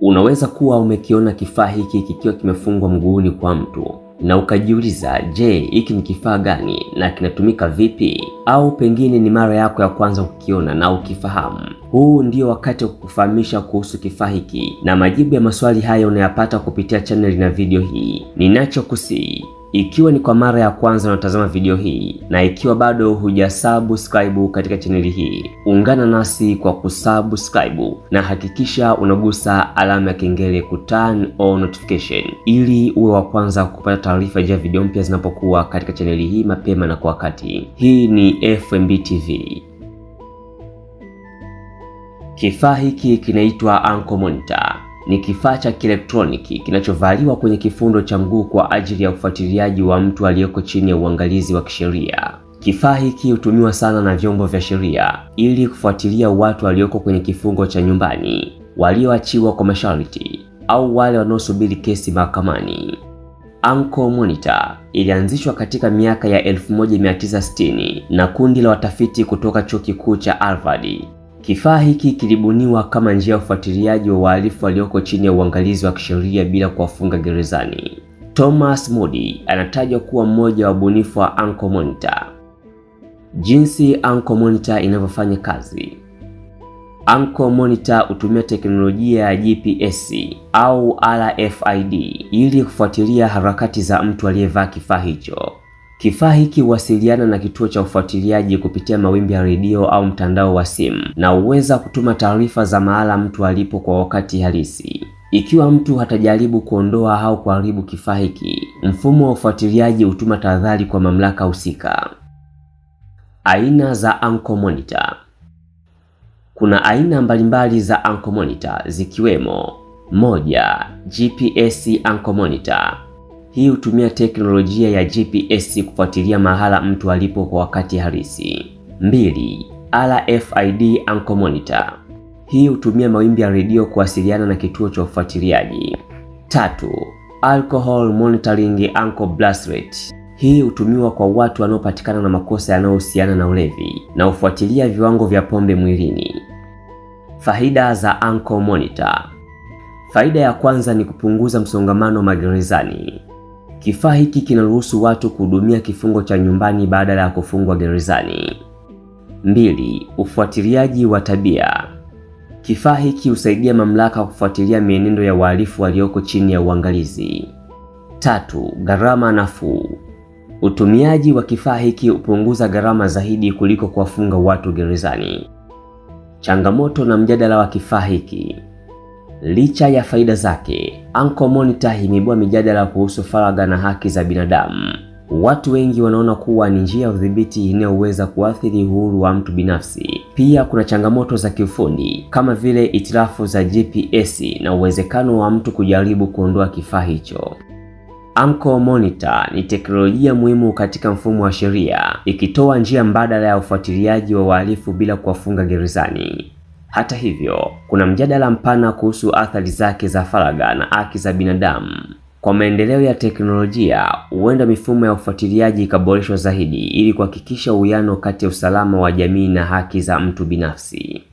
Unaweza kuwa umekiona kifaa hiki kikiwa kimefungwa mguuni kwa mtu na ukajiuliza, je, hiki ni kifaa gani na kinatumika vipi? Au pengine ni mara yako ya kwanza ukiona na ukifahamu. Huu ndio wakati wa kukufahamisha kuhusu kifaa hiki, na majibu ya maswali haya unayapata kupitia chaneli na video hii. Ninachokusii ikiwa ni kwa mara ya kwanza unatazama video hii na ikiwa bado hujasubscribe katika chaneli hii, ungana nasi kwa kusubscribe na hakikisha unagusa alama ya kengele ku turn on notification ili uwe wa kwanza kupata taarifa ya video mpya zinapokuwa katika chaneli hii mapema na kwa wakati. Hii ni FMB TV. Kifaa hiki kinaitwa Anko Monitor ni kifaa cha kielektroniki kinachovaliwa kwenye kifundo cha mguu kwa ajili ya ufuatiliaji wa mtu aliyeko chini ya uangalizi wa kisheria. Kifaa hiki hutumiwa sana na vyombo vya sheria ili kufuatilia watu walioko kwenye kifungo cha nyumbani, walioachiwa kwa masharti au wale wanaosubiri kesi mahakamani. Ankle Monitor ilianzishwa katika miaka ya 1960 na kundi la watafiti kutoka Chuo Kikuu cha Harvard Kifaa hiki kilibuniwa kama njia ya ufuatiliaji wa wahalifu walioko chini ya uangalizi wa kisheria bila kuwafunga gerezani. Thomas Moody anatajwa kuwa mmoja wa wabunifu wa Ankle Monitor. Jinsi Ankle Monitor inavyofanya kazi. Ankle Monitor hutumia teknolojia ya GPS au RFID ili kufuatilia harakati za mtu aliyevaa kifaa hicho. Kifaa hiki huwasiliana na kituo cha ufuatiliaji kupitia mawimbi ya redio au mtandao wa simu na huweza kutuma taarifa za mahala mtu alipo kwa wakati halisi. Ikiwa mtu hatajaribu kuondoa au kuharibu kifaa hiki, mfumo wa ufuatiliaji hutuma tahadhari kwa mamlaka husika. Aina za Anko Monitor. Kuna aina mbalimbali za Anko Monitor zikiwemo: moja, GPS Anko Monitor hii hutumia teknolojia ya GPS kufuatilia mahala mtu alipo kwa wakati halisi. Mbili, RFID Anchor Monitor. Hii hutumia mawimbi ya redio kuwasiliana na kituo cha ufuatiliaji. Tatu, Alcohol Monitoring Ankle Bracelet. Hii hutumiwa kwa watu wanaopatikana na makosa yanayohusiana na ulevi na hufuatilia viwango vya pombe mwilini. Faida za Anchor Monitor. Faida ya kwanza ni kupunguza msongamano magerezani. Kifaa hiki kinaruhusu watu kuhudumia kifungo cha nyumbani badala ya kufungwa gerezani. Mbili, ufuatiliaji wa tabia. Kifaa hiki husaidia mamlaka kufuatilia mienendo ya wahalifu walioko chini ya uangalizi. Tatu, gharama nafuu. Utumiaji wa kifaa hiki hupunguza gharama zaidi kuliko kuwafunga watu gerezani. Changamoto na mjadala wa kifaa hiki. Licha ya faida zake Anko Monitor imeibua mijadala kuhusu faragha na haki za binadamu. Watu wengi wanaona kuwa ni njia ya udhibiti inayoweza kuathiri uhuru wa mtu binafsi. Pia kuna changamoto za kiufundi kama vile itilafu za GPS na uwezekano wa mtu kujaribu kuondoa kifaa hicho. Anko Monitor ni teknolojia muhimu katika mfumo wa sheria, ikitoa njia mbadala ya ufuatiliaji wa wahalifu bila kuwafunga gerezani. Hata hivyo, kuna mjadala mpana kuhusu athari zake za faragha na haki za binadamu. Kwa maendeleo ya teknolojia, huenda mifumo ya ufuatiliaji ikaboreshwa zaidi ili kuhakikisha uwiano kati ya usalama wa jamii na haki za mtu binafsi.